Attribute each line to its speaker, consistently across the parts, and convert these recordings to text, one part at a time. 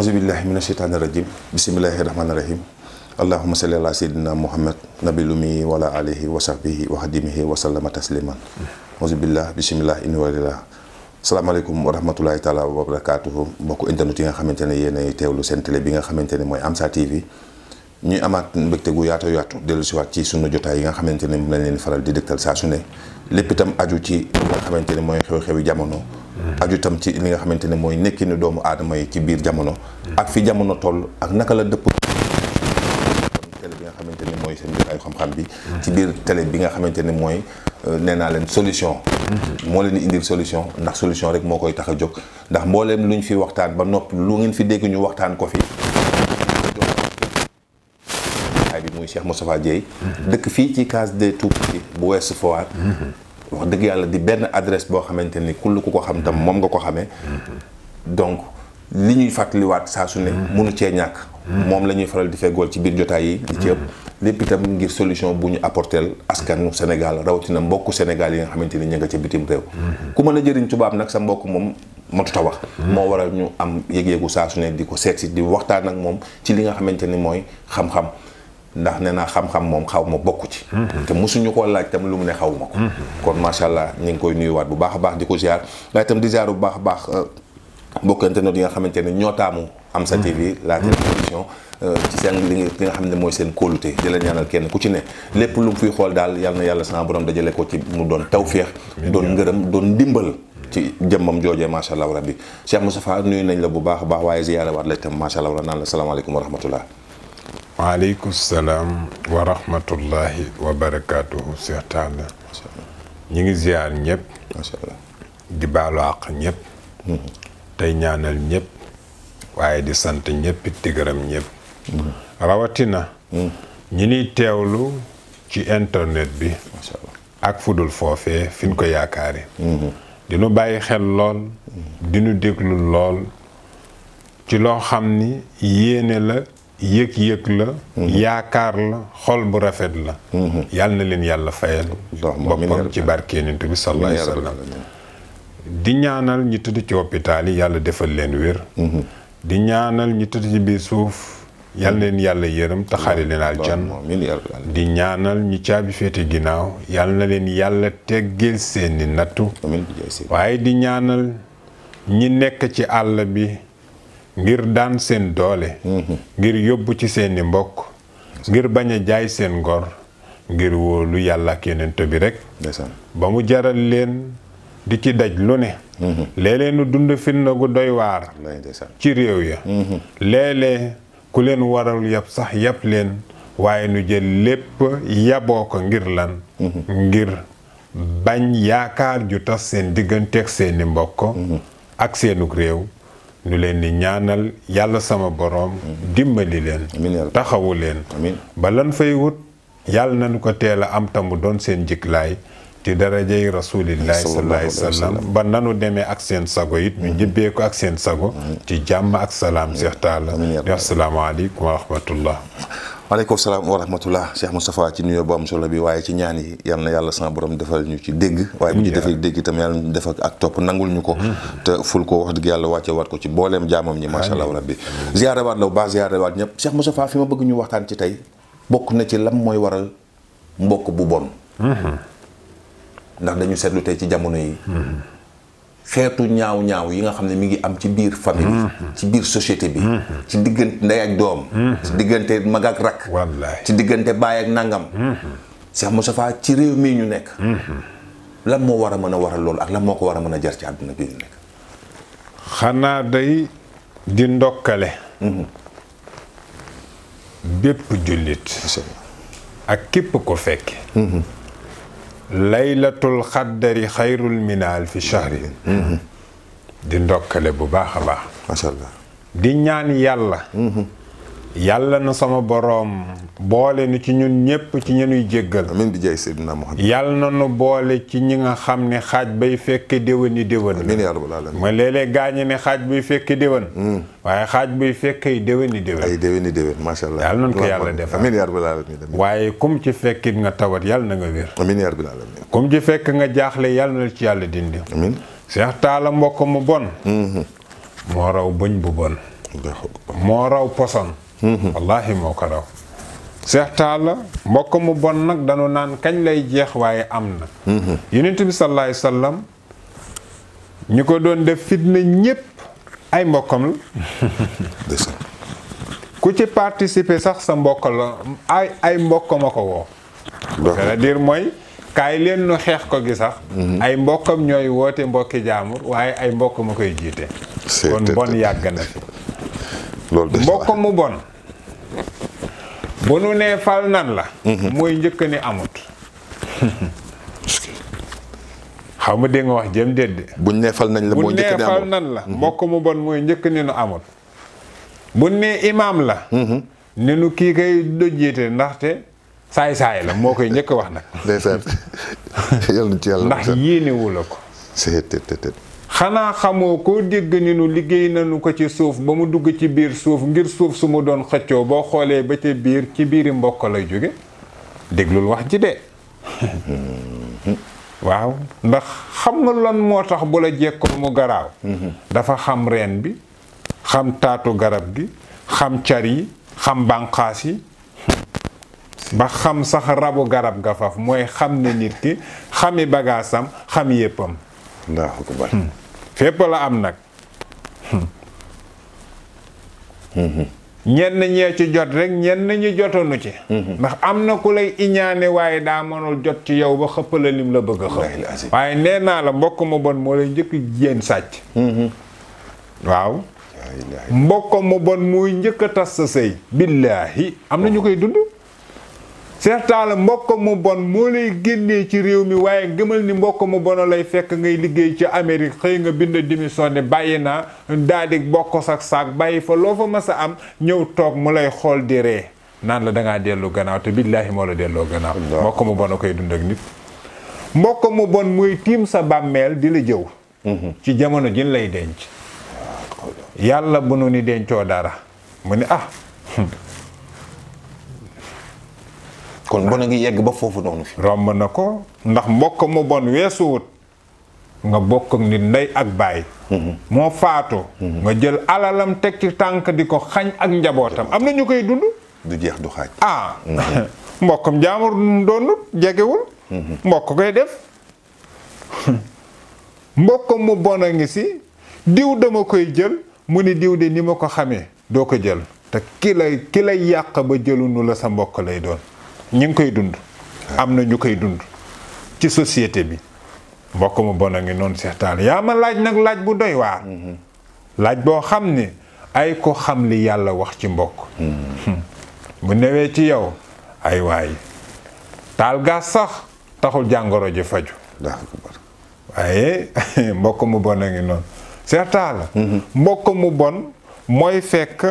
Speaker 1: auzubillahi mina sheytaani rajim bismillahi rahmaani rahim allahuma salli ala sayyidina muhammad nabi lumi wala alihi wa sahbihi wa xadimihi wa sallama tasliman auzubillah bismillah inni walillah salaamaaleykum wa rahmatulahi taala wa barakatuhu mbokk internet yi nga xamante ne yéenay teewlu seen télé bi nga xamante ne mooy sa TV ñuy amaat mbégte gu yaatu yaatu dellu si waat ci sunu jotaay yi nga xamante ne moom na leen faral di dëgtal saa su lépp itam aju ci xamante ne mooy xew jamono aju itam ci li nga xamante ne mooy nekkinu doomu aadama yi ci biir jamono ak fi jamono toll ak naka la dëpp télé bi nga xamante ne mooy seen biir ay xam-xam bi ci biir télé bi nga xamante ne mooy euh, nee leen solution moo leen di indil solution ndax solution rek moo koy tax a jóg ndax mbooleem lu ñu fi waxtaan ba nopp lu ngeen fi dégg ñu waxtaan ko fi ay bi muy Cheikh Moustapha Dieye dëkk fii ci case des Tout-Petits bu Ouest Foire wax dëgg yàlla di benn adresse boo xamante ni kull ku ko xam tam moom nga ko xamee donc li ñuy fàttaliwaat saa su ne mënu mm-hmm. cee ñàkk mm-hmm. moom la ñuy faral di fegool ci biir jotaay yi li mm-hmm. lépp itam ngir solution bu ñu apporteel askanu Sénégal rawatina mbokk Sénégal yi nga xamante ni ñu nga ca bitim réew ku mën a jëriñ tubaab nag sa mbokk moom matuta wax moo waral ñu am yëg-yëgu saa su ne di ko seetsi di waxtaan ak moom ci li nga xamante ni mooy xam-xam ndax nee naa xam-xam moom xaw ma bokk ci mhm. te suñu koo laaj tam lu mu ne xaw ma ko mhm. kon macha allah ñu ngi koy nuyuwaat bu baax a baax di ko ziar waaye tam di ziar bu baax a baax euh, bokkante no yi nga xamante ne ñoo taamu am sa mhm. TV la télévision euh, ci seen li nga xam ne seen kóolute di la ñaanal kenn ku ci ne lépp lu mu xool daal yal na yàlla sama borom dajale ko ci mu doon tawféex doon ngërëm doon ndimbal ci jëmmam joojee macha allah rabbi Cheikh Moustapha nuyu nañ la bu baax a baax waaye ziyaare
Speaker 2: waat la itam macha allah naan la salaamaaleykum wa rahmatullah waaleykum salaam wa rahmatullahi wa barakaatuhu ñi ngi ziar ñëpp macha allah di baalu àq ñëpp tey ñaanal ñëpp waaye di sant ñëpp di gërëm ñëpp rawatina ñi niy teewlu ci internet bi ak fudul foofe fi ñu ko yaakaari di bàyyi xel lool dinu déglu lool ci loo xam ni yéene la yëg-yëg la mhm. yaakaar la xol bu rafet la mhm. yàlla na leen yàlla fayal boppam ci barke Yonent bi sallallahu di ñaanal ñi tëdd ci hôpital yi yàlla defal leen wér mhm. di ñaanal ñi tëdd ci biir suuf yàlla na leen yàlla yërëm te xaari leen aljanna di ñaanal ñi caabi féete ginnaaw yàlla na leen yàlla teggeel seeni nattu waaye di ñaanal ñi nekk ci àll bi ngir daan seen doole mhm. ngir yóbbu ci seeni mbokk ngir bañ a jaay seen ngor ngir wóolu yàlla ak yonent bi rek ba mu jaral leen di ci daj lu ne mhm. léeg-léeg nu dund fitna gu doy waar ci réew ya mhm. léeg ku leen waral yab sax yab leen waaye nu jël lépp yaboo ko ngir lan ngir bañ yaakaar ju tas seen digganteeg seeni mbokk ak seenug réew ñu leen di ñaanal yàlla sama boroom dimbali leen taxawu leen ba lan fay wut yàlla nañu ko teel a am tamu doon seen jiglaay ci darajey rasulillahi sallallahu alayhi wa sallam ba nanu demee ak seen sago it mu ñibbee ak seen sago ci jàmm ak salaam seex taala asalaamaaleykum wa rahmatullah maaleykum salaam wa rahmatullah Cheikh
Speaker 1: Moustapha ci nuyoo bu am solo bi waaye ci ñaan yi yal na yàlla sama borom defal ñu ci dégg waaye bu ci defee dégg itam yàlla ñu def ak topp nangul ñu ko te ful ko wax dëgg yàlla wàcce waat ko ci booleem jaamam ñi macha allah rabbi ziyaare waat law ba ziyaare waat ñëpp Cheikh Moustapha fi ma bëgg ñu waxtaan ci tey bokk na ci lam mooy waral mbokk bu bon mhm. ndax dañu seetlu tey ci jamono yi mhm. xeetu ñaaw ñaaw yi nga xam ne mi ngi am ci biir famille mhm. ci biir société bi mhm. ci diggante ndey ak doom mhm. ci diggante mag ak rakk ci diggante baay ak nangam Cheikh Moustapha ci réew mi ñu nekk lan moo war a mën a waral loolu
Speaker 2: ak lan moo ko war a mën a jar ci àdduna bi ñu nekk xanaa day di ndokkale bépp jullit ak képp ko fekke laylatul xaddari xayrul minaal fi shahri mm-hmm. di ndokkale bu baax a baax. macha allah di ñaan yàlla. Mm-hmm. yàlla na sama boroom boole ni ci ñun ñépp ci ñenuy jéggal amiin bi jaay Seydina Muhammad yàlla na nu boole ci ñi nga xam ne xaaj bay fekk déwéni déwén amiin yaa rabbal aalamiin ma léeg-léeg gaañe ne xaaj buy fekk déwén hmm. waaye xaaj buy fekk ay déwéni déwén ay déwéni déwén macha allah yàlla nañ ko yàlla defal amiin yaa rabbal aalamiin waaye kum ci fekk nga tawat yàlla na nga wér amiin yaa rabbal kum ci fekk nga jaaxle yàlla na ci yàlla dindi amiin Seex Taala mbokk mu bon hmm. moo raw bëñ bu bon moo raw poson Mm-hmm. wallahi moo ko raw Seex Taala mbokk mu bon nag dañu naan kañ lay jeex waaye am na mm-hmm. yonent bi sallallahu alayhi ñu ko doon def fitna ñépp ay mbokkam la ku ci participer sax sa mbokk la ay mbokkam a ko woo cest à mooy kaay leen nu xeex ko gi sax mm-hmm. ay mbokkam ñooy woote mbokki jaamur waaye ay mbokkam a koy jiite kon bon yàgg na fi mbokk mu bon bu nu nee fal nan la mhm. mooy njëkk ni amut xaw ma dégg nga wax jëm déet de buñ nee nañ la mooy nee fal nan la mhm. mbokk mu bon mooy njëkk ni nu amut buñ nee imaam la mhm. ne kii kay dojjiite ndaxte saay saay la moo koy njëkk wax nag ndeysaan ndax yéene wu la ko xanaa xamoo koo dégg ni nu liggéey nañu ko ci suuf ba mu dugg ci biir suuf ngir suuf su mu doon xëccoo boo xoolee ba ca biir ci biiri mbokk lay jóge déglul wax ji de waaw ndax xam nga lan moo tax bu la jekkoo mu garaaw mhm. dafa xam reen bi xam taatu garab gi xam car yi xam bànqaas yi ba xam sax rabu garab ga faf mooy xam ne nit ki xami bagaasam xam yéppam fépp la am nag ñenn ñee ci jot rek ñenn ñi jotonu ci ndax am na ku lay iñaane waaye daa mënul jot ci yow ba xëpp la la bëgg a xëpp waaye nee la mbokk mu bon moo lay njëkk jéen sàcc waaw mbokk mu bon muy njëkk a tas sa sëy billaahi am na ñu koy dund Cheikh Talla mbokk mu bon moo lay génnee ci réew mi waaye gëmal ni mbokk mu bono lay fekk ngay liggéey ci Amérique xëy nga bind démission ne bàyyi naa daal bokk sax saak bàyyi fa loo fa mas a am ñëw toog mu lay xool di ree naan la da dellu gannaaw te billaahi moo la delloo gannaaw mbokk mu bon a koy dund ak nit mbokk mu bon muy tiim sa bàmmeel di la jëw mm-hmm. ci jamono jin lay denc yàlla bu nu ni dencoo dara mu ni ah kon bon a ngi yegg ba foofu noonu fi romb na ko ndax mbokk mu bon weesuwut nga bokk ak nit ndey ak baay mhm. moo faatoo mhm. nga jël alalam teg ci tànk di ko xañ ak njabootam am na ñu koy dund du jeex du xaaj ah. mhm. mbokkam jaamur doonut mbokk koy def mbokkam mu bon a ngi si diw dama koy jël mu ni diw de ni ma ko xamee doo ko jël te ki lay ki lay yàq ba jëlunu la sa mbokk lay doon ñu ngi koy dund am na ñu koy dund ci société bi mbokk mu bon a ngi noonu Cheikh Tall yaa ma laaj nag laaj bu doy waa mhm. laaj boo xam ni ay ko xam li yàlla wax ci mbokk mu mhm. newee ci yow ay waay taal gaas sax taxul jàngoro ji faju waaye mbokk mu bon a ngi noonu Cheikh Tall mhm. mbokk mu bon mooy fekk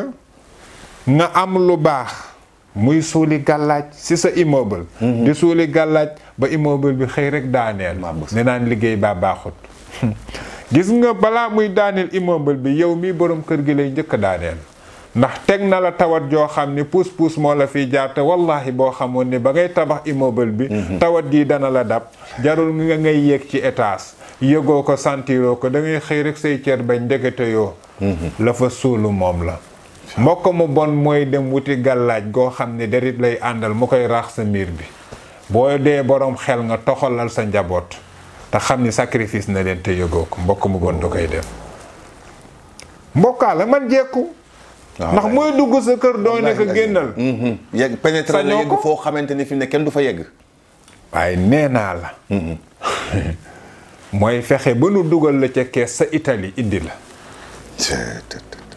Speaker 2: nga am lu baax muy suuli gàllaaj si sa immeuble mhm. di suuli gàllaaj ba immeuble bi xëy rek daaneel ne naan liggéey baa baaxut gis nga balaa muy daaneel immeuble bi yow mii borom kër gi lay njëkk daaneel ndax teg na la tawat joo xam ni puus puus moo la fiy jaar te wallaahi boo xamoon ni ba ngay tabax immeuble bi mhm. tawat gi dana la dab jarul nga ngay yéeg ci étage yëgoo ko sentiroo ko da ngay xëy rek say cër bañ ndekete yoo mhm. la fa suulu moom la mbokk mu bon mooy dem wuti gàllaaj goo xam ni darit lay àndal mu koy raax sa miir bi boo dee boroom xel nga toxalal sa njaboot te xam ni sacrifice na leen te yëgoo ko mbokk mu bon da koy def mbokkaa la man jekku ah, ndax mooy dugg sa kër doo ne ko génnal mm-hmm. yegg pénétrer la foo xamante ni fii mu ne kenn du fa yegg waaye nee naa la mm-hmm. mooy fexe ba nu dugal la ca kees sa Italie indi la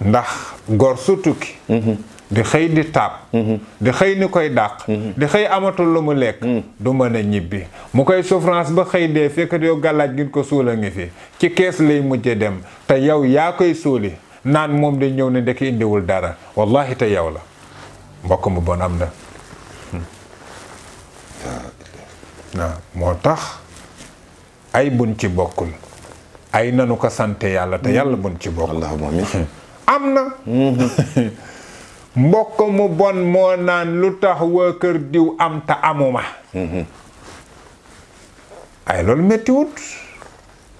Speaker 2: ndax gor su tukki mhm. di xëy di taab mhm. di xëy ni koy dàq mhm. di xëy amatul lu mu lekk du mën a ñibbi mu koy souffrance ba xëy dee fekk yow gàllaaj gi ko suul a ngi fi ci kees lay mujje dem te yow yaa koy suuli naan moom di ñëw ni ndekk indiwul dara wallahi te yow la mbokk mu bon am na hmm. moo tax ay bun ci bokkul ay nanu ko sante yàlla te hmm. yàlla bun ci bokkul allahumma amiin hmm. am na mbokk mu bon moo naan lu tax waa kër diw am te amuma ay loolu méttiwut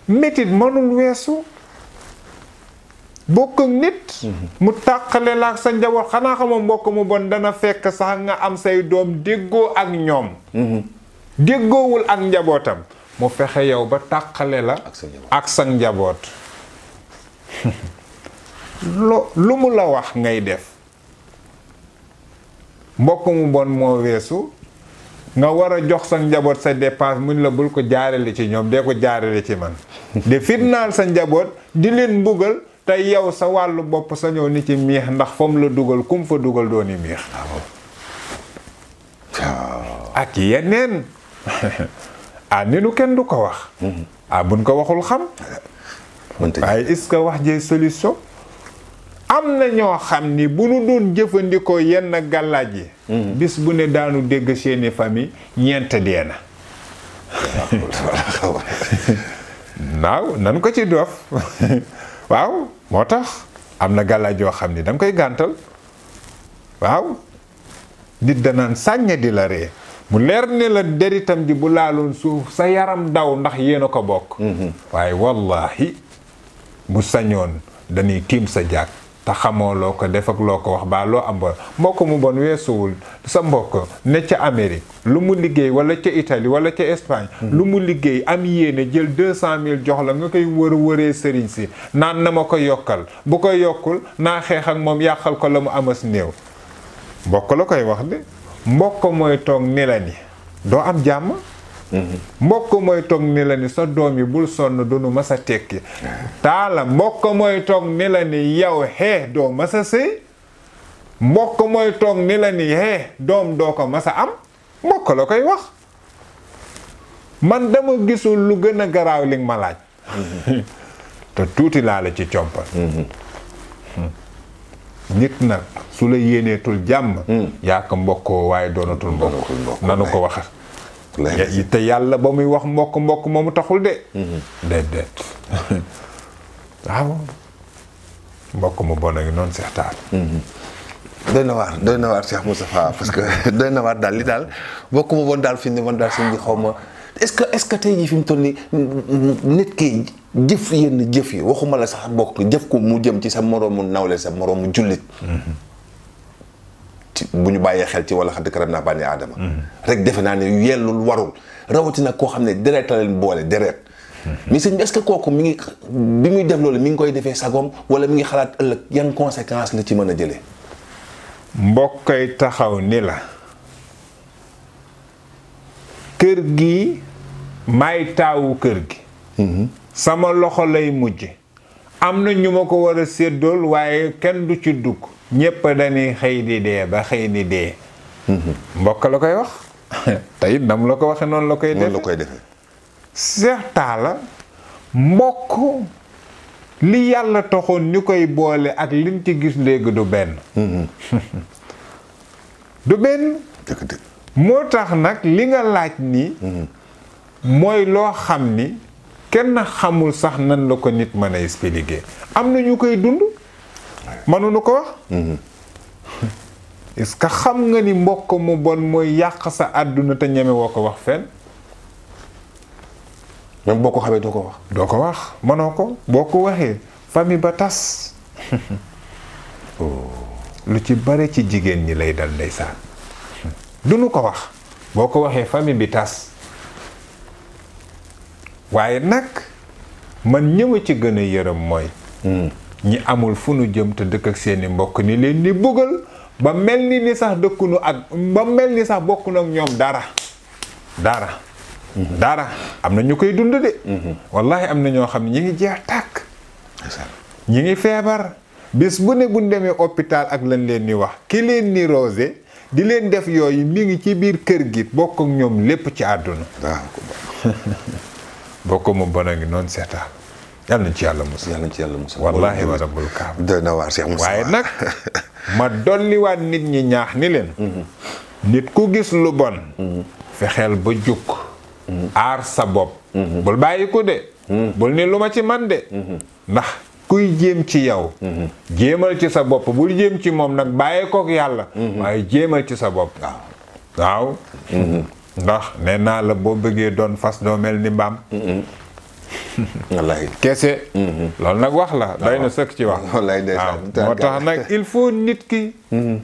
Speaker 2: méttit mënul weesu bokk nit mu tàqale la ak sa njaboot xanaa xamoo mbokk mu bon dana fekk sax nga am say doom déggoo ak ñoom déggoowul ak njabootam mu fexe yow ba taqale la ak sa njaboot lu mu la wax ngay def mbokk mu bon moo weesu nga war a jox sa njaboot sa dépense muñ la bul ko jaarale ci ñoom de ko jaarale ci man di fitnaal sa njaboot di leen mbugal te yow sa wàllu bopp sa ñëw ni ci miix ndax fam la dugal kum fa dugal dooni miix ah ak yeneen ah ni kenn du ko wax mm-hmm. ah buñ ko waxul xam waaye est-ce wax jee solution am na ñoo xam ni bu nu doon jëfandikoo yenn gàllaaj yi mm-hmm. bis bu ne daanu dégg seeni famille ñeent dee na naaw nan ko ci doof waaw moo tax am na gàllaaj yoo xam ni danga koy gàntal waaw nit danaan sàñña di la ree mu leer ne la deritam ji bu laaloon suuf sa yaram daw ndax yéen a ko bokk mm-hmm. waaye wallahi bu sañoon dañuy tiim sa jàkk te xamoo loo ko def ak loo ko wax baa loo am bon mbokk mu bon weesuwul sa mbokk ne ca Amérique lu mu liggéey wala ca Italie wala ca Espagne hmm. lu mu liggéey am yéene jël deux cent mille jox la nga koy wër wëree sëriñ si naan na ma ko yokkal bu koy yokkul naa xeex ak moom yàqal ko la mu am si néew mbokk la koy wax de mbokk mooy toog ni la ni doo am jàmm mbokk mooy toog ni la ni sa doom yi bul sonn dunu ma sa tekki taala mbokk mooy toog ni la ni yow xee doo ma sa sëy mbokk mooy toog ni la ni xee doom doo ko ma sa am mbokk la koy wax man dama gisul lu gën a garaaw li ma laaj te tuuti laa la ci compal nit nag su la yéeneetul jàmm hmm. yaa ko mbokkoo waaye doonatul mbokk nanu ko waxat te yàlla ba muy wax mbokk mbokk moomu taxul de waaw mm-hmm. ah mbokk mu bon a ngi noonu seex taal
Speaker 1: mm-hmm. doy na waar doy na waar Cheikh Moustapha parce que doy na daal li daal bokk mu bon daal fi mu ne man daal seen ji xaw ma est-ce que est-ce que tey jii fi mu toll nii nit ki jëf yenn jëf yi waxuma la sax mbokk jëf ko mu jëm ci sa moroomu nawle sa moroomu jullit mm-hmm. ci bu ñu bàyyee xel ci wala xadd karam naa bànni aadama rek defe naa ne yellul warul rawatina koo xam ne deret boole deret mais sëñ bi est-ce que kooku mu ngi bi muy def loolu mi ngi koy defee sagom wala mi ngi xalaat ëllëg yan conséquence la ci mën a
Speaker 2: jëlee mbokkay taxaw ni la kër gi may taawu kër gi mm-hmm. sama loxo lay mujje am na ñu ma ko war a séddool waaye kenn du ci dugg ñépp dañuy xëy di dee ba xëy di dee mbokk la koy wax tey nam la ko waxe noonu la koy defe Seex Taala mbokk li yàlla toxoon ñu koy boole ak liñ ci gis léegi du benn mm-hmm. du benn moo tax nag li nga laaj ni mm-hmm. mooy loo xam ni kenn xamul sax nan la ko nit mën a expliquer am na ñu koy dund mënuñu ko wax mhm. est-ce que xam nga ni mbokk mu bon mooy yàq sa àdduna te ñeme woo ko wax fenn même boo ko xamee doo ko wax doo ko wax mënoo ko boo ko waxee famille ba tas oh. lu ci bare ci jigéen ñi lay dal ndeysaan duñu ko wax boo ko waxee famille bi tas waaye nag man ñëw ci gën a yërëm mooy hmm. ñi amul fu nu jëm te dëkk ak seeni mbokk ni leen di buggal ba mel ni ni sax dëkkunu ak ba mel ni sax bokkunu ak ñoom dara dara hmm. dara am na ñu koy dund de hmm. wallahi am na ñoo xam ne ñi ngi jeex tàkk ñu ngi feebar bis bu ne buñ demee hôpital ak lañ leen di wax ki leen ni rosé di leen def yooyu mi ngi ci biir kër gi bokk ak ñoom lépp ci àdduna boo ko bon a ngi noonu seetaan yàlla nañ ci yàlla musa yàlla nañ ci yàlla musa wallaahi wa rabbul kaaba doy na waar waaye nag ma dolliwaat nit ñi ñaax ni leen mhm. nit ku gis lu bon mhm. fexeel ba jukk mhm. aar sa bopp bul bàyyi ko de bul ni lu ma ci man de ndax kuy jéem ci yow jéemal ci sa bopp bul jéem ci moom nag bàyyi kook yàlla waaye jéemal ci sa bopp waaw ndax nee naa la boo bëggee doon fas doo mel ni mbaam mm-hmm. wallaay kese mm-hmm. loolu nag wax la day na ah. sëkk ci wax waaw moo tax nag il faut nit ki mm-hmm.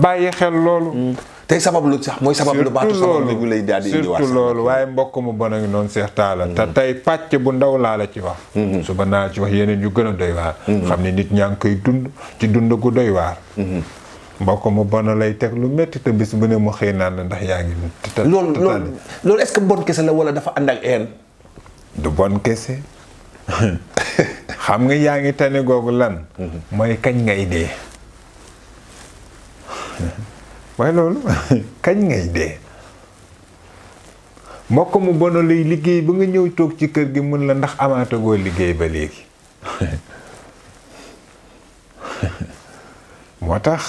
Speaker 2: bàyyi xel loolu tey sabab lu sax mooy sabab lu baatu sabab lu lay daal di indiwaat surtout loolu waaye mbokk mu bon a ngi noonu seex taala te tey pàcc bu ndaw laa la ci wax suba naa ci wax yeneen yu gën a doy waar xam ne nit ñaa ngi koy dund ci dund ku doy waar mbokk mu bon lay teg lu métti te bis bu ne mu xëy naan la ndax yaa ngi. te loolu loolu
Speaker 1: loolu est que bon kese la wala dafa ànd ak een.
Speaker 2: du bon kese xam nga yaa ngi tane googu lan. Mhm. mooy kañ ngay dee. waaye loolu kañ ngay dee. mbokk mu bon lay liggéey ba nga ñëw toog ci kër gi mun la ndax amaatagoo liggéey ba léegi. moo tax.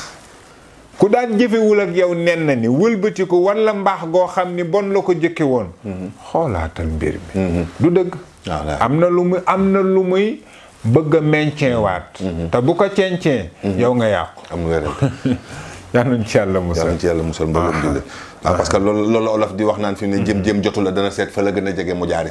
Speaker 2: ku daan jëfewul ak yow nen na ni wëlbatiku ko wan la mbaax goo xam ni bon la ko jëkke woon mhm. xoolaatal mbir mi mhm. du dëgg ah, am na lu muy am na lu muy bëgg a mencin waat mhm. te bu ko cencin yow nga yàqu am wérante yal nañ ci yàlla musal yal nañ ci yàlla waaw ah, parce que loolu loolu olof
Speaker 1: di wax naan fi ne jëm jëm jotu la dana seet fa la gën a jege mu jaari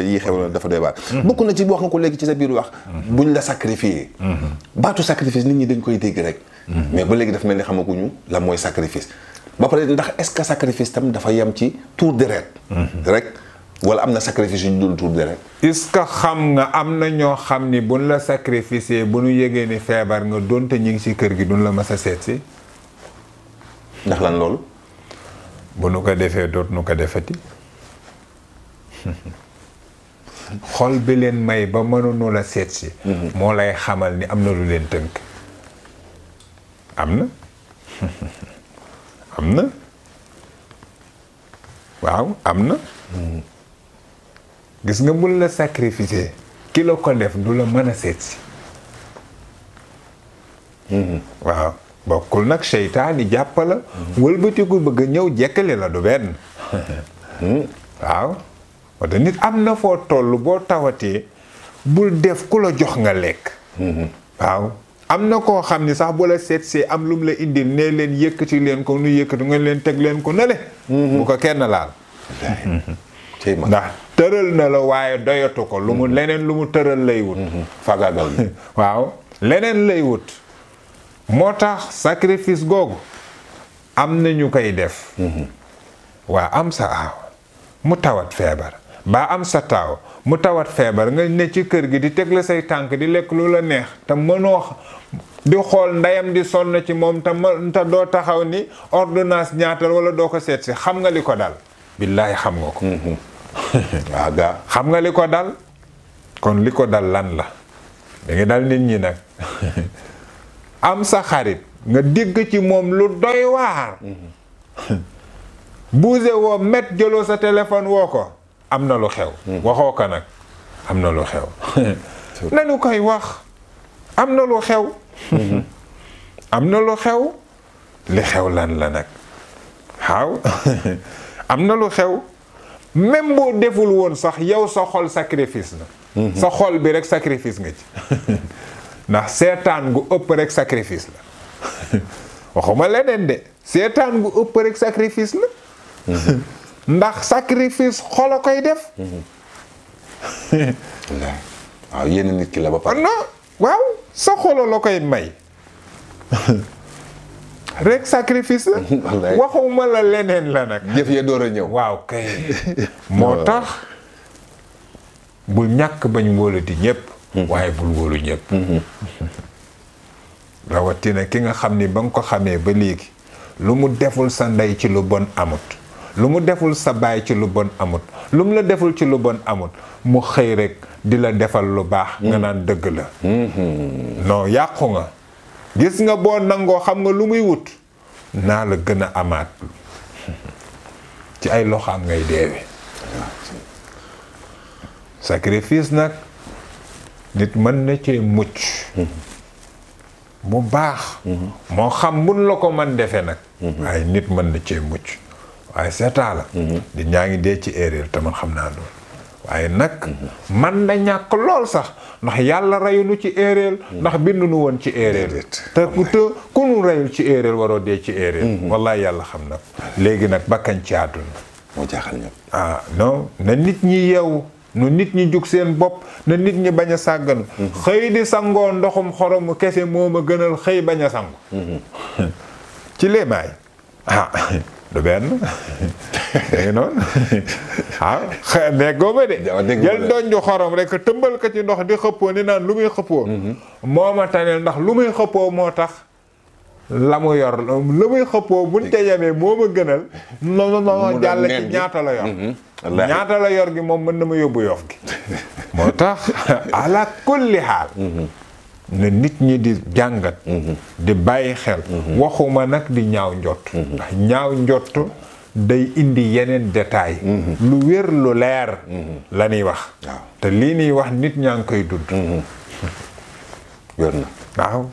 Speaker 1: xew na dafa doy waar mhm. bokk na ci wax nga ko léegi ci sa biir wax mhm. buñ la sakk sacrifier. baatu sacrifice nit ñi dañ koy dégg rek. mais ba léegi dafa mel ni xamaguñu lan mooy sacrifice. ba pare
Speaker 2: ndax est-ce que sacrifice tam dafa yem ci tour deret
Speaker 1: rek wala am na sacrifice yu ñu dul tour deret
Speaker 2: est-ce que xam nga am na ñoo xam ni buñ la sacrifice bu ñu yégee ni feebar nga doonte ñi ngi ci kër gi duñ la mas a seet si ndax lan loolu bu nu ko defee doot nu ko defati xol bi leen may ba mënuñu la seet mm-hmm. moo lay xamal ni am na lu leen tënk am na am na waaw am na mm-hmm. gis nga mun la sacrifice kilo la ko def du la mën a seet mm-hmm. waaw bokkul nag seytaani jàppa la wëlbatiku bëgg ñëw jekkali la du benn waaw moo nit am na foo toll boo tawatee bul def ku la jox nga lekk mhm. waaw am na koo xam ni sax bu la seetsee am lu mu la indil nee leen yëkkati leen ko nu yëkkati ngeen leen teg leen ko ne le mhm. bu ko kenn laal mhm. ndax tëral na la waaye doyatu ko lu mu leneen lu mu tëral lay wut waaw leneen lay wut moo tax sacrifice googu am na ñu koy def waa am sa aaw mu tawat feebar baa am sa taaw mu tawat feebar nga ne ci kër gi di tegle say tànk di lekk lu la neex te mënoo di xool ndeyam di sonn ci moom te te doo taxaw ni ordonnance ñaatal wala doo ko seet si xam nga li ko dal billaahi xam nga ko mm-hmm. waaw gaa xam nga li ko dal kon li ko dal lan la da ngi dal nit ñi nag am sa xarit nga digg ci moom lu doy waar mm-hmm. buuse woo met jëloo sa téléphone woo ko am na lu xew hmm. waxoo ko nag am na lu xew nanu koy wax am na lu xew hmm. am na lu xew li xew lan la nag waaw am na lu xew même boo deful woon sax yow sa xol sacrifice na hmm. sa xol bi rek sacrifice nga ci ndax seetaan gu ëpp rek sacrifice la waxuma leneen de seetaan gu ëpp rek sacrifice la ndax sacrifice xol koy def.
Speaker 1: waaw yéen nit ki la ba pare.
Speaker 2: non waaw sa xolo la koy may rek sacrifice la. waxuma la leneen la nag. jëf ya door a ñëw. waaw kay. moo tax bul ñàkk bañ wóolati ñëpp. Mhm. waaye bul wóolu ñëpp. Mhm. rawatina ki nga xam ni ba nga ko xamee ba léegi lu mu deful sa ndey ci lu bon amut. lu mu deful sa baay ci lu bon amut lu mu la deful ci lu bon amut mu xëy rekk di la defal lu baax mm. nga naan dëgg la mm-hmm. non yàqu nga gis nga boo nangoo xam nga lu muy wut naa la gën a amaat ci ay loxaam ngay deewe sacrifice nag nit mën na ci mucc bu mm-hmm. baax mm-hmm. moo xam mun la ko man defe nag waaye nit mën na cee mucc waaye seetaa la di mhm. ñaa ngi dee ci erreur te man xam naa loolu waaye nag mhm. man na ñàkk lool sax ndax yàlla reyunu ci erreur mhm. ndax bindu nu woon ci erreur te ku te ku nu reyul ci erreur waroo dee ci erreur walla yàlla xam na léegi nag bakkañ ci àdduna moo jaaxal ñëpp ah, na nit ñi yeewu nu nit ñi jug seen bopp na nit ñi bañ a sàgganu xëy di sangoo ndoxum xoromu kese moo ma gënal xëy bañ a sangu ci léemaay ah, du benn ah, dégg ba de jël doñ ju xorom rek tëmbal ko ci ndox di xëppoo ni naan lu muy xëppoo mhm. moo ma taneel ndax lu muy xëppoo moo tax la mu yor la muy xëppoo buñ ca yemee moo ma gënal noonu jàll ci ñaata la yor mhm. ñaata la yor gi moom mën na ma yóbbu yof gi moo tax ala kulli xaal mhm. na nit ñi di jàngat mhm. di bàyyi xel mhm. waxuma nag di ñaaw njott mhm. ñaaw njott day indi yeneen détail lu wér lu leer la ñuy wax te lii ñuy wax nit ñaa ngi koy dudd waaw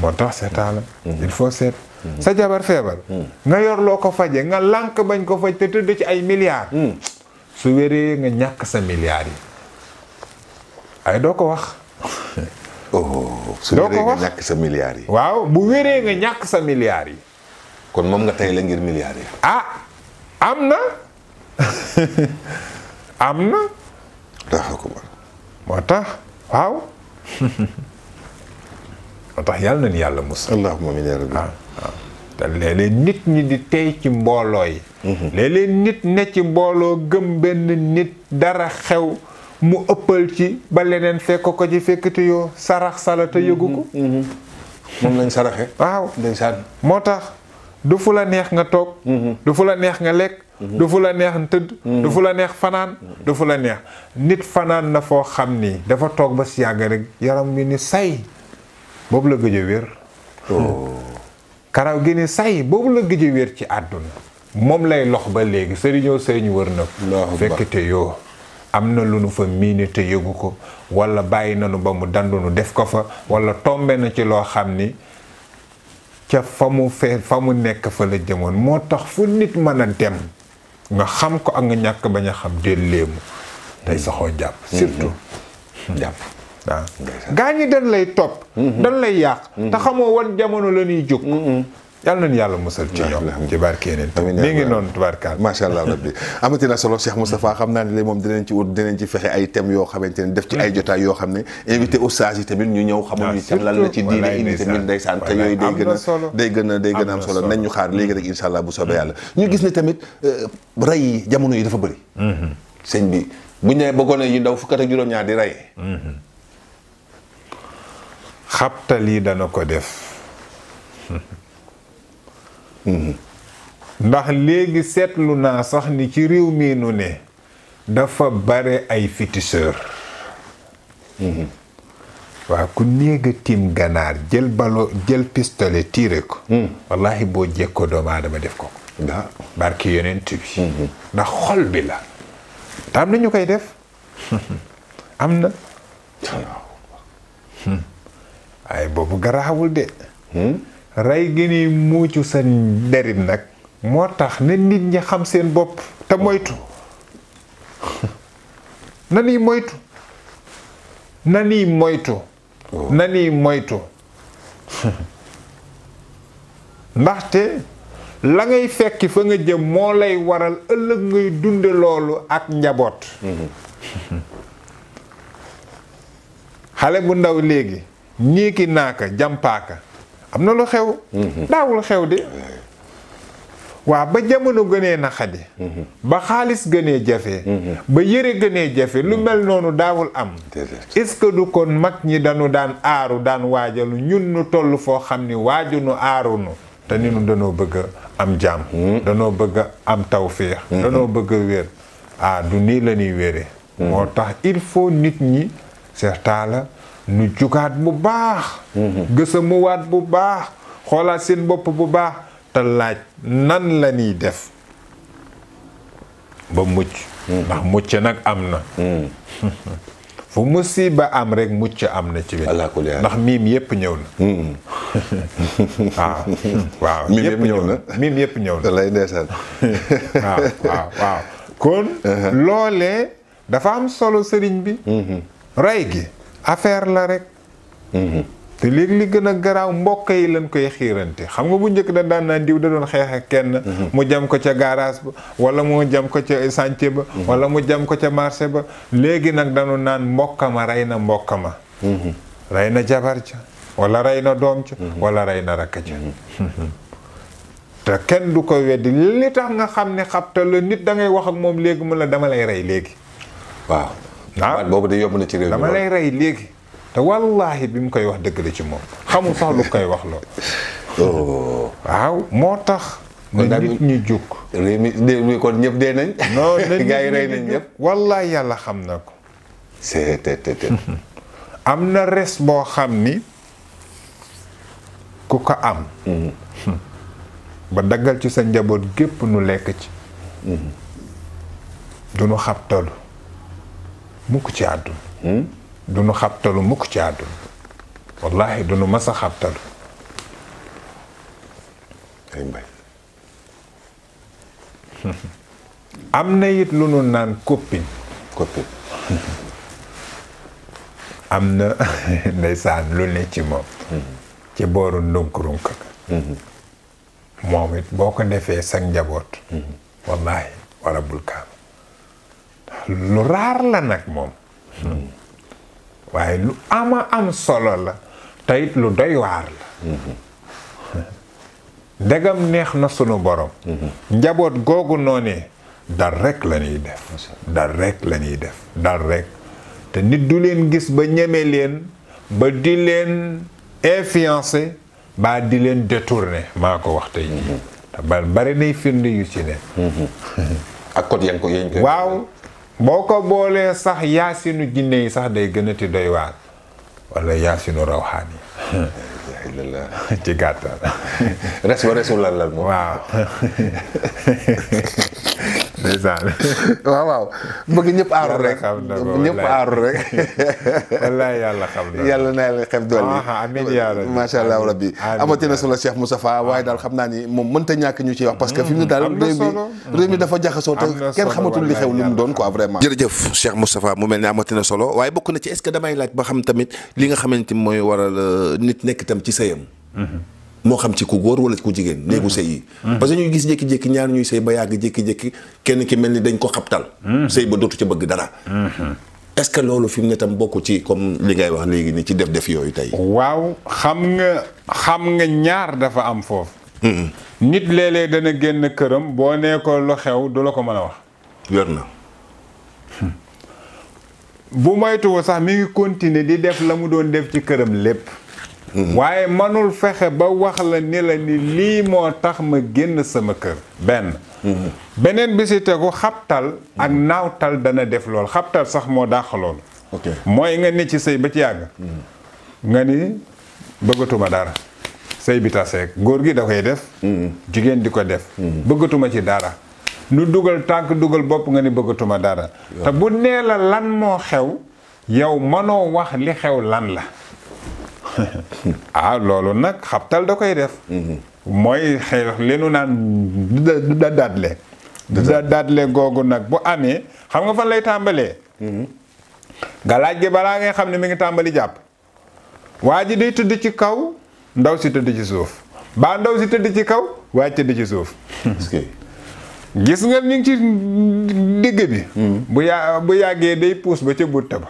Speaker 2: moo tax seetaala il faut seet sa jabar feebar nga yor loo ko faje nga lànk bañ ko faj te tëdd ci ay milliards su wéree nga ñàkk sa milliards yi ay doo ko wax Oh, doo su wéree sa milliards yi. waaw bu wéree nga ñàkk sa milliards yi. kon moom
Speaker 1: nga tey la ngir milliards yi.
Speaker 2: ah am na am na. moo tax waaw. moo tax yàlla nañu yàlla musal. allahumma amiin ah, ah. nit ñi di tey ci mboolooy yi. Mhm. léeg nit ne ci mbooloo gëm benn nit dara xew. mu ëppal ci ba leneen fekk ko ci fekkati yoo sarax sala te yëgu ko mhm, mhm, mhm. moom lañ saraxe waaw ndeysaan moo tax du fu la neex nga toog du fu la neex nga lekk du fu la neex tëdd du fu la neex fanaan du fu la neex nit fanaan na foo xam ni dafa toog ba si yàgg rek yaram wi ni say boobu la gëj a wér oh. karaw gi ni say boobu la gëj a wér ci àdduna moom lay lox ba léegi sëriñoo sëriñ wër na fekkite yoo am na lu nu fa miine te yëgu ko wala bàyyi nanu ba mu dandunu def ko fa wala tombe na ci loo xam ni ca fa mu fe fa mu nekk fa la jëmoon moo tax fu nit mën a dem nga xam ko ak nga ñàkk bañ a xam del léemu day saxoo jàpp mhm. surtout jàpp waaw gaa ñi dañ lay topp mhm. dañ lay yàq te xamoo wan jamono la ñuy jóg mhm. yàlla nañu yàlla musal ci ci barke yeneen mi ngi noonu tubaarkaal macha allah rabbi amati na solo Cheikh Moustapha xam naa ne léegi moom
Speaker 1: dinañ ci ut dinañ ci fexe ay thèmes yoo xamante ne def ci ay jotaay yoo xam ne invité oustaz yi tamit ñu ñëw xamuñu tam ah, lan la ci diine indi tamit ndeysaan te yooyu day gën a day gën a day a am solo nañ ñu xaar léegi rek insha allah bu soobee yàlla ñu gis ne tamit euh, rey yi jamono yi dafa bëri mm-hmm. sëñ bi buñ ne bëggoon yi ndaw fukkat ak juróom-ñaar di rey
Speaker 2: mm-hmm. xabtal yi dana ko def ndax léegi seetlu naa sax ni ci réew mii nu ne dafa bare ay féticheur waaw ku néeg tiim ganaar jël balo jël pistolet tiire ko wallahi boo jekkoo doomu aadama def ko da barki yonent bi mm-hmm. ndax xol bi la te am na ñu koy def am na hmm. waaye boobu garaawul de hmm? rey gi ni muucu seen derin nag moo tax ne nit ñi xam seen bopp te moytu na nii moytu na ni moytu oh. na moytu ndaxte la ngay fekki fa nga jëm moo lay waral ëllëg ngay dunde loolu ak njaboot mm-hmm. xale bu ndaw léegi ñii ki naaka jàmpaaka am na lu xew mhm. daawul xew de waa ba jamono gënee naqadi mhm. ba xaalis gënee jafe mhm. ba yëre gënee jafe lu mel noonu daawul am est du kon mag ñi dañu daan aaru daan waajalu ñun nu toll foo xam ni waajunu aarunu te ni nu danoo bëgg am jàmm danoo bëgg a am tawféex danoo bëgg a wér ah du nii la wére moo tax il faut nit ñi seetaa la nu jugaat bu baax mm-hmm. gësamuwaat bu baax xoolaat seen bopp bu baax te laaj nan la ñuy def ba mucc mm-hmm. ndax mucc nag am na mm-hmm. fu musiba am rek mucc am na ci wet ndax miim yëpp ñëw na waaw waaw miim yëpp ñëw na miim yëpp ñëw na lay ndeysaan waaw waaw waaw kon uh-huh. loolee dafa am solo sëriñ bi rey gi affaire la rek. Mhm. te léegi li gën a garaaw mbokk yi lañ koy xiirante xam nga bu njëkk da daan naan diw da doon xeex kenn. Mhm. mu jam ko ca garage ba wala mu jam ko ca chantier ba. Mhm. wala mu jam ko ca marché ba léegi nag dañu naan mbokka ma rey na mbokka ma. rey na jabar ca wala rey na doom ca. wala rey na rakk ca. te kenn du ko weddi li tax nga xam ne xabtal la nit da wax ak moom léegi mu la dama lay rey léegi waaw. ah
Speaker 1: boobu de yomb na ci réew mi dama lay
Speaker 2: rey léegi. te wallaahi bi mu koy wax dëgg ci moom xamul sax lu koy wax loo. Oh. waaw moo tax. kon nit ñi jóg. réew mi réew ñëpp dee nañ. non gaa yi rey nañ ñëpp. wallaahi yàlla xam na ko. c'est am na res boo xam ni ku ko am. Mm-hmm. ba daggal ci sa njaboot gépp nu lekk ci. Mm-hmm. du nu xab tollu mukk ci àdduna du nu xabtalu mukk ci àdduna wallahi du nu mas a xabtalu am na it lu nu naan koppin am na ndeysaan lu ne ci moom mm-hmm. ci booru ndunkurunk mm-hmm. moom it boo ko defee sag njaboot mm-hmm. wallahi warabul kaam lu raar la nag moom waaye lu ama am solo la teyit lu doy waar la ndegam neex na sunu borom njaboot googu noonee dal rek la ñuy def dal rek la def dal rek te nit du leen gis ba ñeme leen ba di leen influencé ba di leen détourné maa ko wax tey jii te bari nay firnde yu ci ne waaw boo ko boolee sax yaasinu jinne yi sax day gën a ti doy waar wala yaasinu rawxaan yi ci gàttal res ba resul lal lal moom waaw ndeysaan waaw waaw
Speaker 1: bëgg ñëpp aaru rek ñëpp aaru rek wallaay yàlla xam na yàlla na yàlla xef dool yi macha allah rabbi amatina solo Cheikh Moustapha waaye daal xam naa ni moom mënta ñàkk ñu ci wax parce que fi mu ne mm, daal réew mi dafa jaxasoo te kenn xamatul li xew li mu doon quoi vraiment jërëjëf Cheikh Moustapha mu mel ne amatina solo waaye bokk na ci est-ce que damay laaj ba xam tamit li nga xamante mooy waral euh, nit nekk tam ci sëyam mm-hmm. moo xam ci ku góor wala ku jigéen néegu sëy yi mm-hmm. parce que ñuy gis jékki-jékki ñaar ñuy sëy ba yàgg jékki-jékki kenn ki mel ni dañ ko xabtal mm-hmm. sëy ba dootu ca bëgg dara
Speaker 2: mm-hmm. est-ce que loolu fi mu ne tam bokk ci comme li ngay wax léegi ni ci def def yooyu tey waaw xam nga xam nga ñaar dafa am foofu nit léeg-léeg dana génn këram boo nee ko lu xew du la ko mën a wax wér na hmm. bu moytuwul sax mi ngi continuer di def la mu doon def ci këram lépp waaye manul fexe ba wax la ni la ni lii moo tax ma génn sama kër benn beneen bi si tegu xabtal ak naawtal dana def lool xabtal sax moo dàq loolu mooy nga ne ci sëy ba ci yàgg nga ni bëggatuma dara sëy bi taseeg góor gi da koy def jigéen di ko def bëggatuma ci dara nu dugal tànk dugal bopp nga ni bëggatuma dara te bu nee la lan moo xew yow manoo wax li xew lan la ah loolu nag xabtal da koy def. mooy xëy li nu naan du da daatle. du da daatle googu nag bu amee xam nga fan lay tàmbalee. galaaj gi balaa ngay xam ne mi ngi tàmbali jàpp. waa ji day tëdd ci kaw ndaw si tëdd ci suuf baa ndaw si tëdd ci kaw waa tëdd ci suuf. gis nga ni ngi ci digg bi. Hmm. bu yàggee day puus ba ca but ba.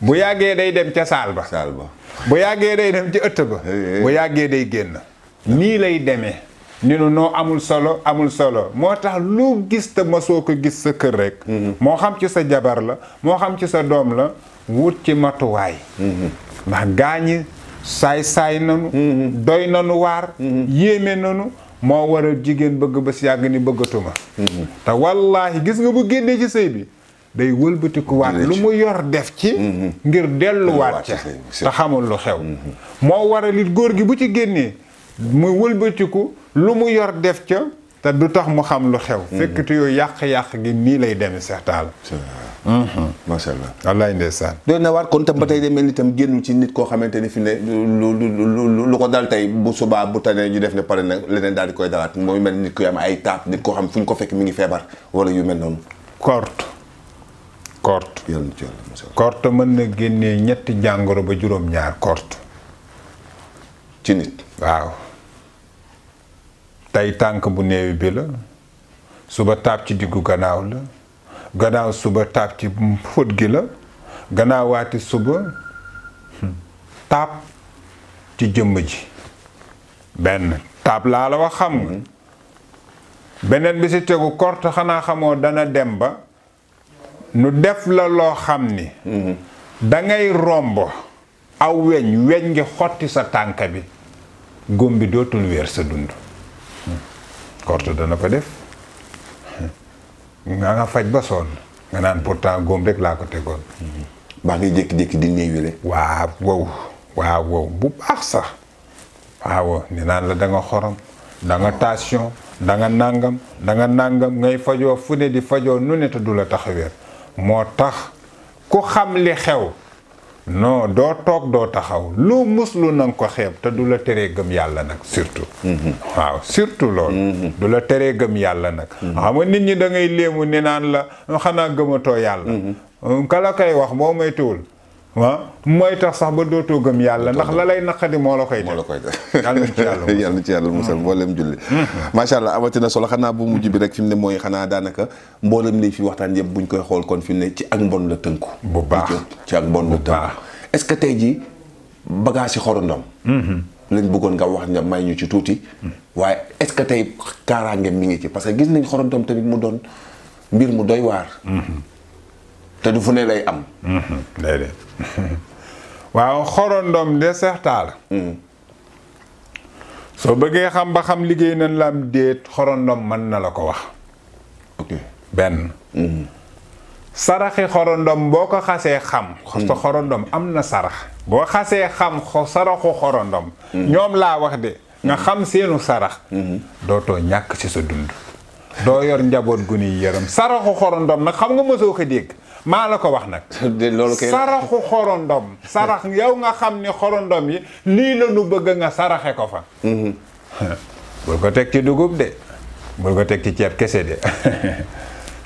Speaker 2: bu yàggee day dem ca saal ba. saal ba bu yàggee day dem ci ëtt ba. Eh, eh. bu yàggee day génn. nii lay demee. ni nu noo amul solo amul solo moo tax lu gis te mosoo ko gis sa kër rek. Mm-hmm. moo xam ci sa jabar la moo xam ci sa doom la wut ci matuwaay. Mm-hmm. ndax gaañi saay saay nanu. Mm-hmm. doy na nanu waar. yéeme nanu. moo waral jigéen bëgg ba si yàgg ni bëggatuma. te wallaahi gis nga bu génnee ci sëy bi. day wëlbatikuwaat lu mu yor def ci mhm. ngir delluwaat ca te xamul lu xew mhm. moo waral it góor gi bu ci génnee muy wëlbatiku lu mu yor def ca te du tax mu xam lu xew mhm. fekkati yooyu yàq-yàq gi nii lay demee Seex Taal macha allah wallaay ndeysaan doy na waar kon tam ba tey de mel ni tam ci nit koo xamante ni fi
Speaker 1: ne lu lu lu ko dal tey bu subaa bu tane ñu def ne pare nag leneen daal di koy dalaat mooy mel nit ku am ay taab nit koo xam fu ñu ko fekk mu ngi feebar wala yu mel noonu
Speaker 2: kort korte korte mën na génne ñetti jàngoro ba juróom-ñaar korte ci nit waaw tey tànk bu néew bi la suba taab ci diggu gannaaw la gannaaw suba taab ci fóot gi la gannaawaati suba hmm, taab ci jëmm ji benn taab laa la wax xam nga mm-hmm. beneen bi si tegu korte xanaa xamoo dana dem ba nu def la loo xam ni mhm. da ngay romb aw weñ weñ ngi xotti sa tànk bi góom bi dootul weer sa dund korte dana ko def nga nga faj ba sonn nga naan pourtant góom rek laa ko tegoon baa ngay jékki-jékki di néewile waaw wow waaw bu baax sax waaw ni naan la danga xorom danga nga danga da nga nàngam da nàngam ngay fajoo fu ne di fajoo nu ne du la tax a moo tax ku xam li xew non doo toog doo taxaw loo muslu na nga ko xeeb te du la teree gëm yàlla nag surtout mm-hmm. waaw surtout loolu mm-hmm. du la teree gëm yàlla nag mm-hmm. xam nga nit ñi dangay ngay léemu ni naan la xanaa gëmatoo yàlla kalakay wax moo moytiwul waaw mooy tax sax ba dootoo gëm yàlla ndax la lay naqadi moo la koy def moo la koy def
Speaker 1: yàlla na ci yàlla musal mboolem julli mm-hmm. macha allah amatina solo xanaa bu mujj bi rek fi mu ne mooy xanaa daanaka mboolem lii fi waxtaan yëpp buñ koy xool kon fi mu ne ci ak mbon la tënku bu baax ci ak mbon ce que tey jii bagage yi xorondom mm-hmm. lañ bëggoon nga wax nga may ñu ci tuuti mm. waaye est-ce que tey kaaraange mi ngi ci parce que gis nañ xorondom tamit mu doon mbir mu doy waar
Speaker 2: mm-hmm. te du fu ne lay am waaw xorondom de seex taal mm. soo bëggee xam ba xam liggéey nañ la am déet xorondom mën na la ko wax benn mm. saraxi xorondom boo ko xasee xam sa mm. xorondom am na sarax boo xasee xam saraxu xorondom ñoom laa wax de nga xam seenu sarax mm-hmm. dootoo ñàkk ci sa dund doo yor njaboot gu nuy yërëm saraxu xorondom nag xam nga mësoo ko dégg maa la ko wax nag. loolu kay saraxu xorondom. sarax yow nga xam ni xorondom yi lii la nu bëgg nga saraxe ko fa. Mhm. bul ko teg ci dugub de bul ko teg ci ceeb kese de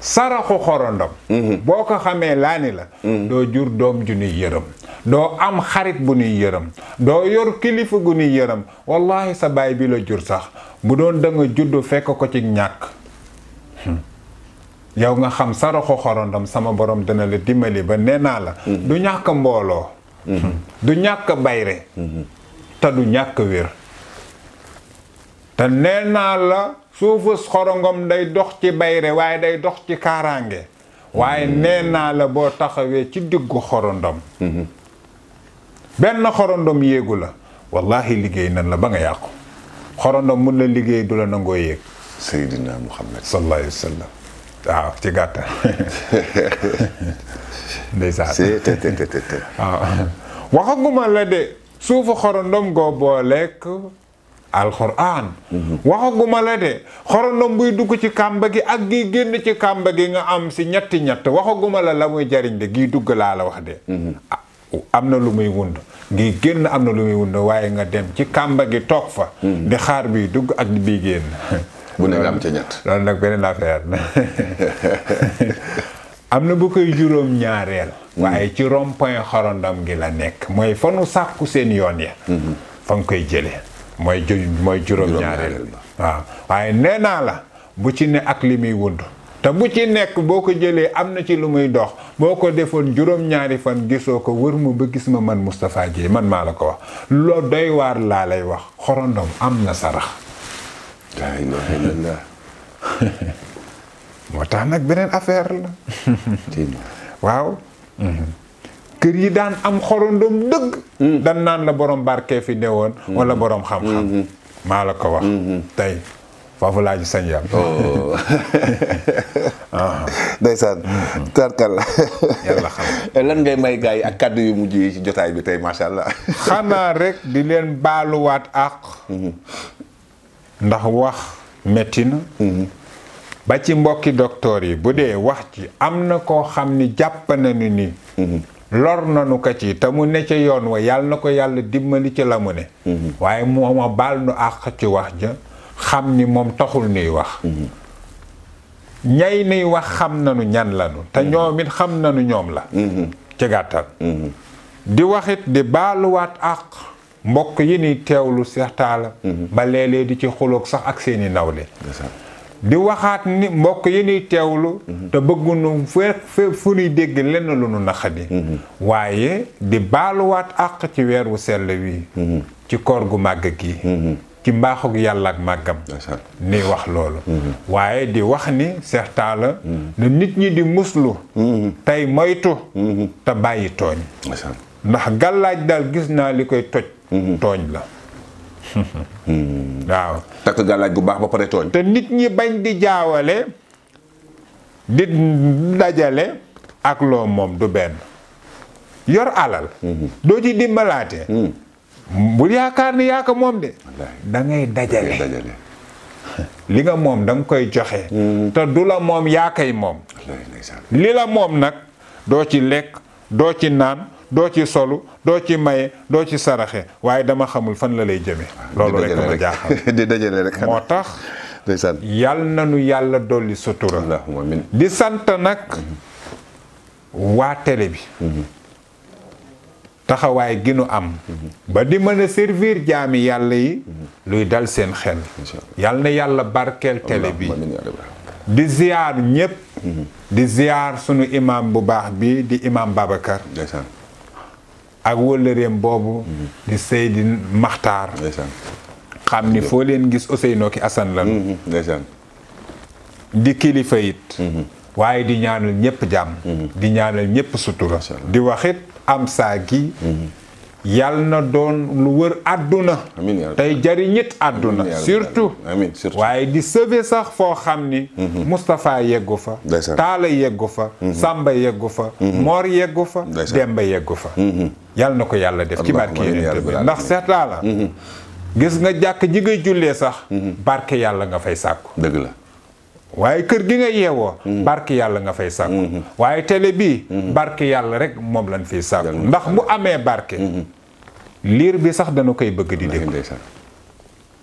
Speaker 2: saraxu xorondom. Mhm. boo ko xamee laa ni la. Mhm. doo jur doom ju nuy yërëm. doo am xarit bu nuy yërëm. doo yor kilifa gu nuy yërëm wallahi sa baay bi la jur sax bu doon da nga juddu fekk ko ci ñàkk. Hmm. yow nga xam sa roxo xorondam sama borom dana la dimbali ba nee naa la mm-hmm. du ñàkk mbooloo mm-hmm. du ñàkk bayre mm-hmm. te du ñàkk wér te nee naa la suufus xorongom day dox ci bayre waaye day dox ci kaaraange waaye nee naa la boo taxawee ci diggu xorondom benn xorondom yéegu la wallahi liggéey nan la ba nga yàqu xorondom mun la liggéey du la nangoo yéeg seydina muhammad sallallahu alayhi wa sallam waaw ci gàttal. ndeysaan. si te te te te. waaw waxaguma la de suufu xorondom goo boo lekk alxuraan. Mhm. waxaguma la de xorondom buy dugg ci kàmba gi ak gi génn ci kàmba gi nga am si ñetti ñett waxaguma la la muy jariñ de gii dugg laa la wax de. Mhm. Ah, am na lu muy wund gi génn am na lu muy wund waaye nga dem ci kàmba gi toog fa. Mhm. di xaar biy dugg ak bii génn. bu ne am ca ñett loolu nag beneen affaire am na bu koy juróom ñaareel hmm. waaye ci rond point xorondam gi la nekk mooy fa nu sàkku seen yoon ya hmm. fa koy jële mooy ju juróom ñaareel waaw waaye nee naa la bu ci ne ak li muy wund te bu ci nekk boo ko jëlee am na ci lu muy dox boo ko defoon juróom-ñaari fan gisoo ko wër mu ba gis ma man Moustapha Guèye man maa la ko wax loo doy waar laa lay wax xorondom am na sarax moo tax nag beneen affaire la waaw mm-hmm. kër yi daan am xorondoom dëgg mm. dan naan la borom barke fi ne woon mm-hmm. wala boroom xam-xam mm-hmm. maa la ko wax tey foofu laa ci sañ yàlla oh. ah. ndeysaan tarkal eh, lan ngay may gars yi ak kàddu yu mujj yi ci jotaay bi tey macha allah xanaa rek di leen baaluwaat ak ndax wax metti na mhm. ba ci mbokki doktoor yi bu dee wax ci am na koo xam ni jàpp nañu ni mhm. lor nanu ko ci te mu ne ca yoon wa yàlla na ko yàlla dimmali ci la mu ne mhm. waaye moo ma baal nu àq ci wax ja xam ni moom taxul nuy wax ñay nuy wax xam nanu ñan lanu te ñoom it xam nanu ñoom la ci gàttal di waxit di baaluwaat àq mbokk yi ni teewlu Seex Taala mhm. ba léeg-léeg di ci xuloog sax ak seeni nawle di waxaat ni mbokk yi nuy teewlu mhm. te bëggunu fe fu nuy dégg lenn lu nu naqadi mhm. waaye di baaluwaat àq ci weer wu sell wi ci koor gu màgg gi ci mbaaxug yàlla ak màggam ni wax loolu waaye di wax ni Seex na nit ñi di muslu tey moytu te bàyyi tooñ ndax gàllaaj daal gis naa li koy toj tooñ la. Hmm. waaw. takk gàllaaj bu baax ba pare tooñ. te nit ñi bañ di jaawale di dajale ak loo moom du benn yor alal. Hmm. doo ci dimbalaate. Hmm. bu yaakaar ni yaa moom de. da dajale li nga moom da koy joxe. te du la moom yaa moom. li la moom nag doo ci lekk doo ci naan. doo ci solu doo ci maye doo ci saraxe waaye dama xamul fan la lay jëme loolu rek dama jaaxal di moo tax yàl na nu yàlla dolli sutura di sant nag waa télé bi mhm. taxawaay gi nu am mhm. ba di mën a jaami yàlla yi mhm. luy dal seen xel yàl na yàlla barkeel tele bi di ziyaar ñépp di ziyaar sunu imam bu baax bi di imaam Babacar ak wëllëreem boobu mhm. di Seydi Maxtaar xam ni foo leen gis Ousseynou ki Assane la mhm, di kilifa it mhm. waaye di ñaanal ñëpp jàmm di ñaanal ñëpp sutura di waxit am saa gi yàlla na doon lu wër àdduna tey jariñit àdduna surtout waaye di sauver sax foo xam ni mhm. Moustapha yeggu fa Taala yeggu fa mhm. Samba yeggu fa mhm. Mor yeggu fa Demba yeggu fa yàlla na ko yàlla def ci barke yeneen bi ndax seetaa la nga jàkk ji ngay jullee sax barke yàlla nga fay sàkku dëgg la waaye kër gi nga yeewoo mm. barki yàlla nga fay sàkku mm-hmm. waaye tele bi mm-hmm. barki yàlla rek moom lañ fiy sàkku ndax mu amee barke mm-hmm. liir bi sax dana koy bëgg di dégg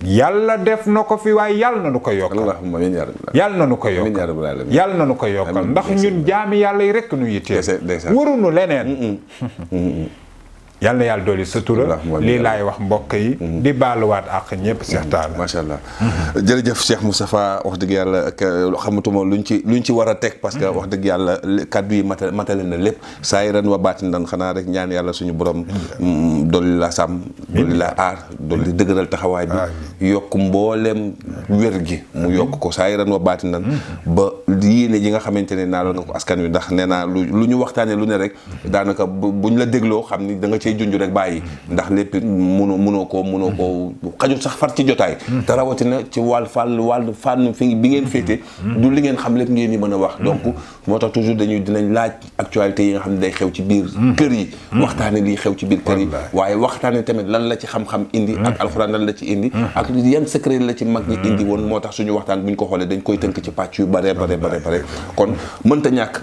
Speaker 2: yàlla def na ko fi waaye yàlla na nu ko yokkal yàlla na nu ko yokkal yàlla na nu ko yokkal ndax ñun jaami yàlla yi rek nu yittee waruñu leneen yal na yàlla dooli sutura lii laay wax mbokk yi mm-hmm. di baaluwaat ak ñëpp Cheikh mm-hmm. Talla macha allah mm-hmm. jërëjëf Cheikh Moustapha
Speaker 1: wax dëgg yàlla ak euh, xamatuma luñ ci luñ ci war a teg parce que wax dëgg yàlla kaddu yi mata matale na lépp saa yi ren wa baatin dan xanaa rek ñaan yàlla suñu borom mm, dolli la sàmm dolli la aar dolli dëgëral taxawaay bi yokk mbooleem wér gi mu yokk ko saa yi ren wa baatin dan ba diine ji nga ne naa la nga ko askan wi ndax nee lu ñu waxtaanee lu ne rek daanaka buñ la dégloo xam ni da nga cey junj rek bàyyi ndax lépp munoo munoo koo munoo koo xajul sax far ci jotaay te rawatina ci wàll fàll wàll fànn fi bi ngeen féete du li ngeen xam lépp ngeen di mën a wax donc moo tax toujours dañuy dinañ laaj actualité yi nga xam ne day xew ci biir kër yi waxtaane lii xew ci biir kër yi waaye waxtaane tamit lan la ci xam-xam indi ak alxuraan lan la ci indi ak yan la ci mag ñi indi woon moo tax suñu waxtaan buñ ko xoolee yooyu kon mënta ñàkk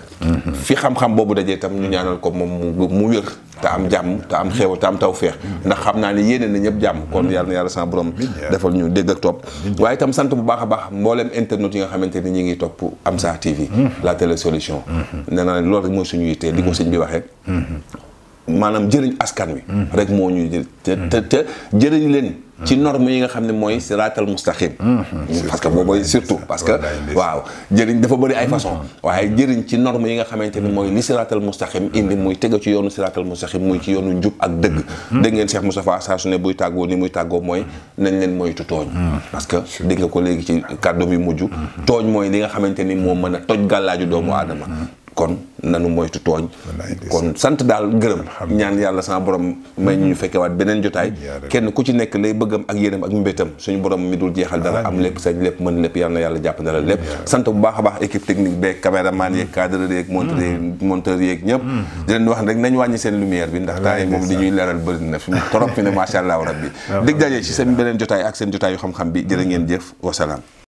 Speaker 1: fi xam-xam boobu dajee itam ñu ñaanal ko moom mu wér te am jàmm te am xew te am taw feex ndax xam naa ni yéene na ñëpp jàmm kon yàlla na yàlla sama borom defal ñu dégg ak topp waaye itam sant bu baax a baax mbooleem internet yi nga xamante ni ñu ngi topp Amsa TV mm-hmm. la télé solution mm-hmm. nee naa loolu rek mooy suñu yittee li ko mm-hmm. sëñ bi waxee maanaam jëriñ askan wi rek moo ñuy te te jëriñ leen ci norme yi nga xam ne mooy siraatal mustaqim mm-hmm. parce que boobu surtout parce que waaw jëriñ dafa bëri ay façon mm-hmm. waaye jëriñ ci norme yi nga xamante ni mooy li siraatal mustaqim indi mm-hmm. muy tege ci yoonu siraatal mustaqim muy ci yoonu njub ak dëgg dégg ngeen Cheikh Moustapha saa su ne buy tàggoo ni muy tàggoo mooy nañ leen moytu tooñ parce que dégg nga ko léegi ci kàddu bi mujj tooñ mooy li nga xamante ni moo mën a toj gàllaaju doomu aadama kon nanu moytu tooñ kon sant daal gërëm ñaan yàlla sama borom may ñu mm-hmm. fekke waat beneen jotaay kenn ku ci nekk lay bëggam ak yéenam ak mbétam suñu borom mi dul jeexal dara am lépp sañ lépp mën lépp yal na yàlla jàpp na la lépp sant bu baax a baax équipe technique beeg caméraman yeeg mm-hmm. cadreur yeeg monteur yeeg mm-hmm. ñëpp di leen wax rek nañ wàññi seen lumière bi ndax temps yi moom li ñuy leeral bëri na fi torop fi ne macha allah rabbi ah, dégg dajee ci seen beneen jotaay ak seen jotaay yu xam-xam bi jërë ngeen jëf wasalaam